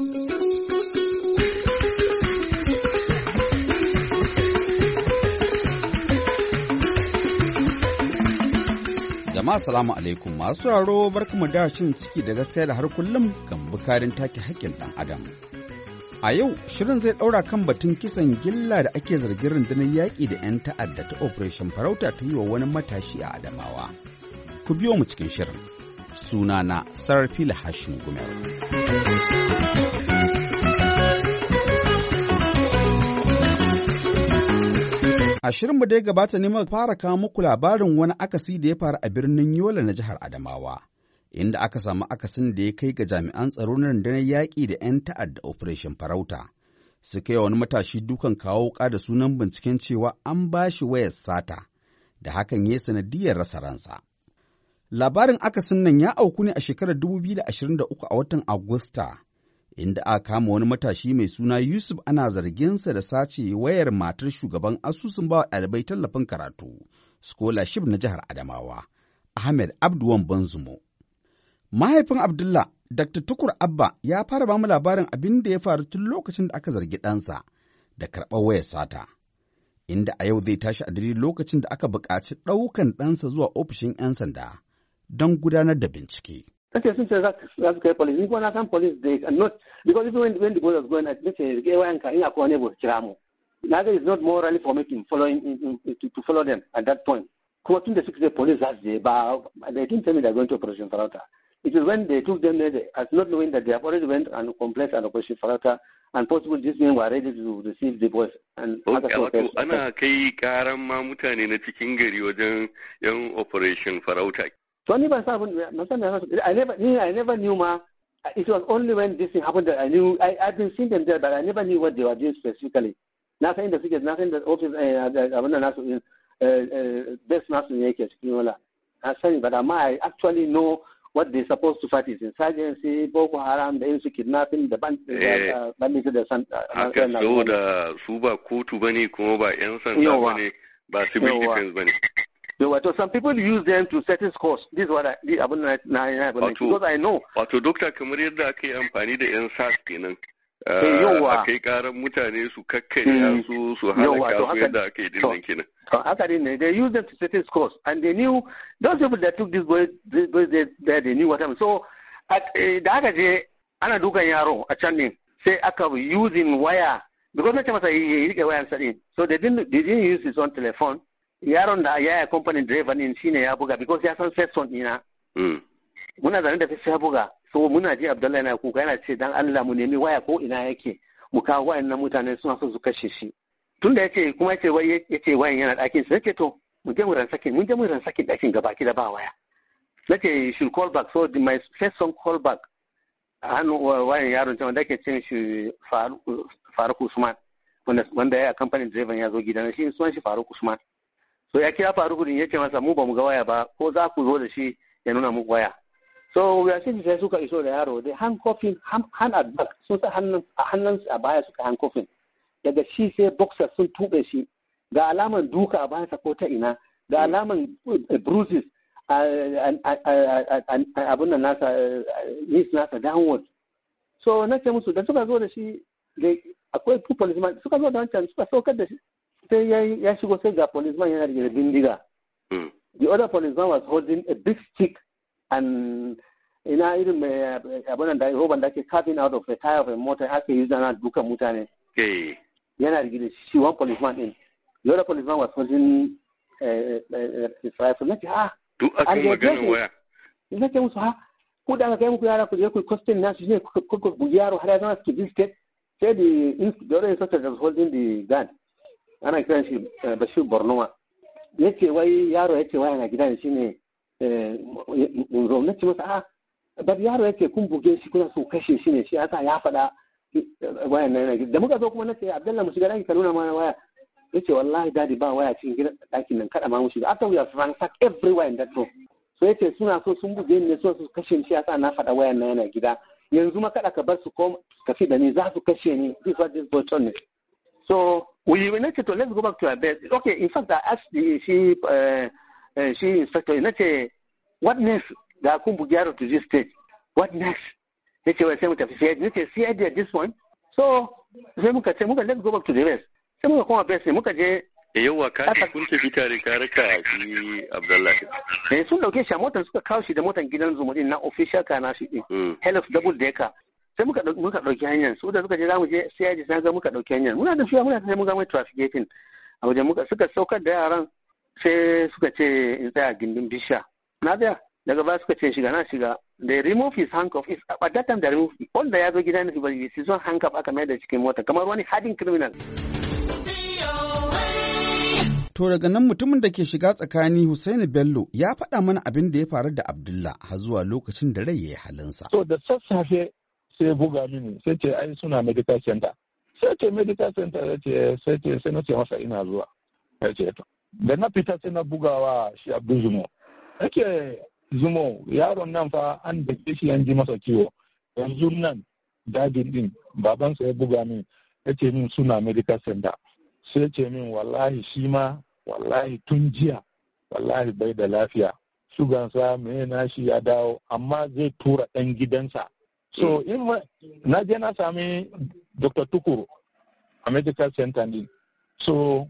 Jama'a salamu alaikum masu raro barkamu da shin ciki da gaskiya da har kullum kan bukarin take haƙƙin ɗan adam. A yau shirin zai ɗaura kan batun kisan gilla da ake zargin rundunar yaƙi da 'yan ta'adda ta Operation Farauta ta yi wa wani matashi a Adamawa. Ku biyo mu cikin shirin. sunana sarfila hashin gumel a shirinmu da ya gabata ne muka fara kawo muku labarin wani akasi da ya faru a birnin yola na jihar adamawa inda aka samu akasin da ya kai ga jami'an tsaro na rundunar yaƙi da 'yan ta'adda operation farauta suka yi wani matashi dukan kawo wuƙa da sunan binciken cewa an ba shi wayar sata da hakan ya sanadiyar rasa ransa. Labarin akasin nan ya auku ne a shekarar 2023 a watan Agusta, inda aka kama wani matashi mai suna Yusuf ana zarginsa da sace wayar matar shugaban asusun bawa ɗalibai tallafin karatu, scholarship na jihar Adamawa, Ahmed Abduwan Banzumo. Mahaifin Abdullah, Dr. Tukur Abba ya fara bamu labarin abin da ya faru tun lokacin da aka zargi ɗansa da karɓar wayar sata. Inda a yau zai tashi a lokacin da aka buƙaci ɗaukan ɗansa zuwa ofishin 'yan sanda. don gudanar da bincike. Kace sun ce za su kai police, ni kuma na san police they are not because even when, the boy was going, I just say, "Ke wayanka in akwai ne ba kira mu." Neither is not morally for me to follow in, in, to, to follow them at that point. Kuma tun da suka ce police za su je ba they didn't tell me they're going to operation Farauta. It is when they took them there, as not knowing that they have already went and completed an operation Farauta and possibly these men were ready to receive the boys and okay, wato ana kai karan ma mutane na cikin gari wajen yan operation farauta to ni ban san abin ban san me I never ni I never knew ma it was only when this thing happened that I knew I I've been seeing them there but I never knew what they were doing specifically na san the figures, na san inda office eh, eh, eh, abin da nasu best in the case. You know I'm sani but amma I actually know what they're supposed to fight is insurgency boko haram da su kidnapping da ban da san haka saboda su ba kotu bane kuma ba yan sanda bane ba civil defense bane They were told some people use them to certain scores. This is what I this abun na na abun because I know. Wato dokta kamar yadda ake amfani da yan sas kenan. Eh, Yawa. Eh, Akai karan mutane su kakkarya hmm. su su halaka yadda ake dinnan kenan. Haka din ne they use them to certain scores and they knew those people that took this boy this boy there they knew what i happened. So at eh, da aka je ana dukan yaro a can ne sai aka using wire because na ce masa yi rike wayan sa so they didn't they didn't use his own telephone yaron da ya company driver din ne ya buga because ya san section ina. Hmm. muna zane da fesa ya buga so muna ji abdullahi yana kuka yana ce dan Allah mu nemi waya ko ina yake mu kawo na mutane suna so su kashe shi ya yace kuma yace wai yace wayan yana ɗakin sa yace to mu je mu ransake mun je mu ransake ɗakin gaba ki da ba waya nace you shi call back so my first son call back hannu wayan yaron can wanda ke cin shi Faruk Usman wanda ya kamfanin driver ya zo gidan shi sunan shi Faruk Usman so ya kira faru gudun ya ce masa mu ba mu ga waya ba ko za ku zo da shi ya nuna mu waya so yasin sai suka iso da yaro dai hand coffin hand at back sun sa hannun a hannun a baya suka hand coffin daga shi sai boxer sun tube shi ga alaman duka a bayansa ko ta ina ga hmm. alaman eh, bruises abin nan nasa eh, nis nasa downward so na ce musu da suka zo da shi akwai two policemen suka zo da wancan suka saukar da shi sai ya shigo sai ga policeman yana da bindiga hmm. the other policeman was holding a big stick and ina irin mai abin da roban da ake carving out of a tire of a motor ake yi zana dukan mutane yana da shi one policeman din the other policeman was holding eh, eh, eh, his rifle na ce ha ah, duk akan maganin waya na ce musu ha ah, Ku da aka kai muku yara ku je ku question na su ne ku ku yaro har ya zama su state sai the the other instructor was holding the gun ana kiran shi eh, bashir bornoma ya ce wai yaro ya ce wai yana shi ne shine eh, munzo na ce masa a ah, bar yaro ya ce kun buge shi kuna so kashe shi ne shi aka ya faɗa eh, wayan nan da muka zo kuma na ce abdullahi mu shiga ɗaki ka nuna mana waya ya ce wallahi dadi ba waya cikin gidan ɗakin nan kada ma mu shiga after we have ransacked everywhere in that room so ya ce suna so sun buge ni ne suna su kashe shi yasa na faɗa wayan nan yana gida yanzu ma kada ka bar su ko kafi da ni za su kashe ni this what this boy told me so we na ce to let's go back to our bed okay in fact I asked the she uh, uh she inspector na ce what next ga kun bugi to this stage what next Ne ce wai sai mu tafi CID na ce CID at this point so sai muka ce muka let's go back to the rest sai muka koma best ne muka je yauwa ka ne kun tafi tare ka raka shi abdullahi eh sun dauke shi a motar suka kawo shi da motar gidan zuma na official na shi din eh. mm. helos double decker sai muka muka dauki hanyar su da suka je zamu je sai ji sai ga muka dauki hanyar muna da fiya muna sai mun ga mai trafficating a wajen muka suka saukar da yaran sai suka ce in tsaya gindin bisha na tsaya daga baya suka ce shiga na shiga they remove his handcuff is at that time they remove wanda ya zo gidan ba shi son handcuff aka mai da cikin mota kamar wani hadin criminal To daga nan mutumin da ke shiga tsakani Hussaini Bello ya faɗa mana abin da ya faru da Abdullah har zuwa lokacin da rai ya yi halinsa. So da sassafe sai buga mini sai ce ai suna medical center sai ce medical center ya ce sai ce sai na ce masa ina zuwa ya ce to da na fita sai na bugawa shi abdu zumo yake zumo yaron nan fa an da shi an ji masa ciwo yanzu nan dadin din babansa ya buga min ya ce min suna medical center sai ce min wallahi shi ma wallahi tun jiya wallahi bai da lafiya sugansa mai nashi ya dawo amma zai tura ɗan gidansa so eh. in ma na je na sami dr tukuru a medical center ne so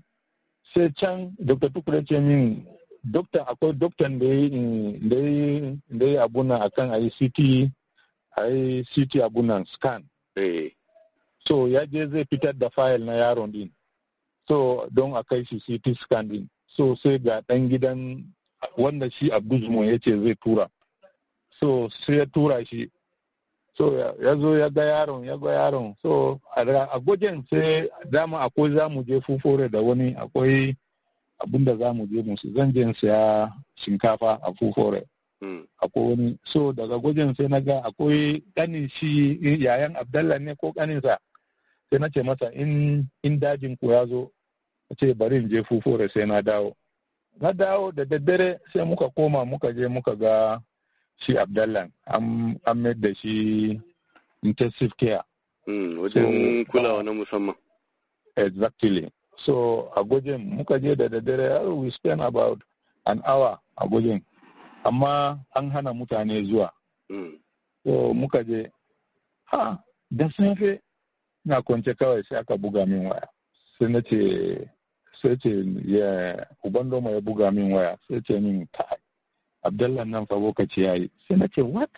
sai can dr tukuru ce min doktan akwai doktan da ya yi abuna a kan ayi ct ct abunan scan eh. so ya je zai fitar da fayil na yaron din so don a kai shi ct scan din so sai ga dan gidan wanda shi abduzmo ya ce zai tura so sai ya tura shi so ya zo ya ga yaron ya ga yaron so a gwajin sai dama akwai za mu je fufore da wani akwai abin da za mu je musu zan je siya shinkafa a fufore hmm. akwai wani so daga gwajin sai na ga akwai kanin shi yayan abdalla ne ko kaninsa sai na ce masa in dajin ku ya zo a ce bari in je fufore sai na dawo na dawo da daddare sai muka koma muka je muka ga shi abdallan an mayar da shi intensive care hmm, wajen kulawa na musamman exactly so a gujin muka je da daddare yaro oh, we spend about an hour a gujin. amma an hana mutane zuwa hmm. so muka je ha da safe na kwance kawai sai aka buga min waya sai na ce sai ce ya uban doma ya buga min waya sai ce min kai abdallah nan fa lokaci yayi sai na ce what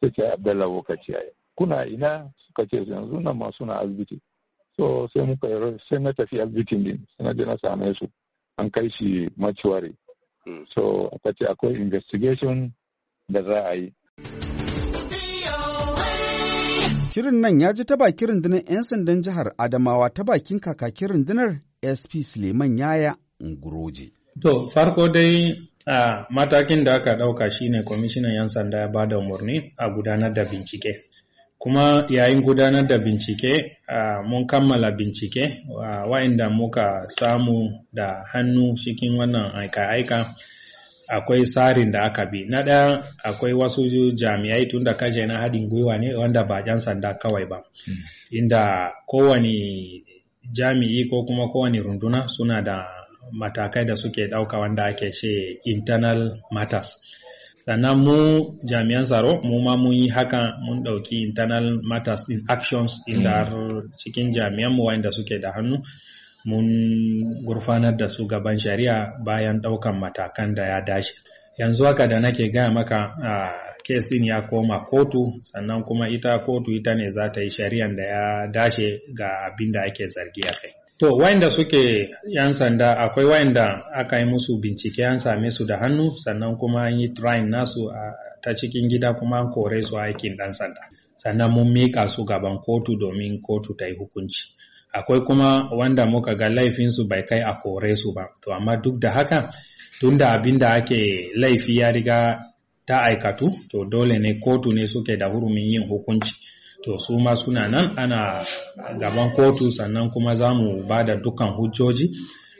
sai ce abdallah lokaci yayi kuna ina suka ce yanzu nan ma suna asibiti so sai muka sai na tafi asibitin din sai na je na same su an kai shi mortuary hmm. so aka ce akwai investigation da za a yi Shirin nan ya ji ta bakin rundunar 'yan sandan jihar Adamawa ta bakin kakakin rundunar SP Suleiman Yaya Nguroje. To, farko dai A matakin da aka ɗauka shine kwamishinan 'yan sanda ya bada umarni a gudanar da bincike. Kuma yayin gudanar da bincike a mun kammala bincike wa'inda muka samu da hannu cikin wannan aika-aika akwai tsarin da aka bi. Na ɗaya akwai wasu jami'ai tun da kashe na haɗin gwiwa ne wanda ba 'yan sanda kawai ba. Hmm. Inda kowane jami'i ko kuma kowane runduna suna da matakai da suke ɗauka wanda ake ce internal matters. Sannan mu jami'an tsaro mu ma mun yi haka mun ɗauki internal matters in actions inda mm. cikin jami'an mu wanda suke da hannu mun gurfanar da su gaban shari'a bayan ɗaukan matakan da ya dace. Yanzu haka da nake gaya maka kesin ya koma kotu sannan kuma ita kotu ita ne za ta yi shari'an da ya dace ga abinda ake zargi a kai. To, wayanda suke 'yan sanda akwai wayanda aka yi musu bincike an same su da hannu sannan kuma an yi train nasu a ta cikin gida kuma an kore su aikin ɗan sanda. Sannan mun mika su gaban kotu domin kotu ta yi hukunci. Akwai kuma wanda muka ga laifinsu bai kai a kore su ba. To, amma duk da haka tunda abin da ake laifi ya riga ta aikatu, to dole ne kotu ne suke da hurumin yin hukunci. to su ma suna nan ana gaban kotu sannan kuma za mu ba da dukkan hujjoji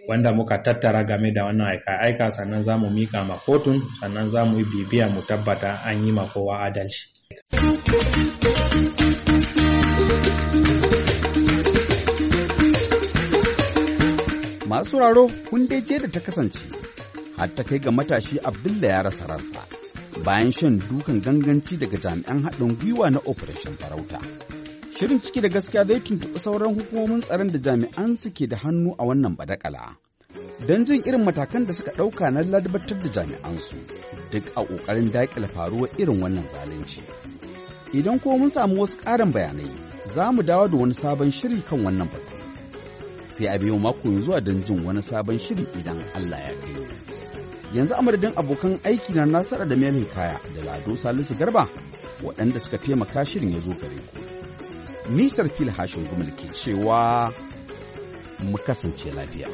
wanda muka tattara game da wannan aika-aika sannan za mu mika ma kotun sannan za mu yi bibiya mu tabbata an yi ma kowa adalci. Masu raro kun dai da ta kasance, har ta kai ga matashi Abdulla ya rasa ransa. bayan shan dukan ganganci daga jami'an haɗin gwiwa na operation farauta. Shirin ciki da gaskiya zai tuntuɓi sauran hukumomin tsaron da jami'an ke da hannu a wannan badakala. Don jin irin matakan da suka ɗauka na ladabatar da jami'ansu duk a ƙoƙarin daƙile faruwar irin wannan zalunci. Idan ko mun samu wasu ƙarin bayanai, za mu dawo da wani sabon shiri kan wannan batu. Sai a biyo mako zuwa don jin wani sabon shiri idan Allah ya kai. yanzu a madadin abokan aiki na nasara da mai kaya da lado salisu garba waɗanda suka taimaka shirin ya zo gare ku nisar fil hashin gumul ke cewa mu kasance lafiya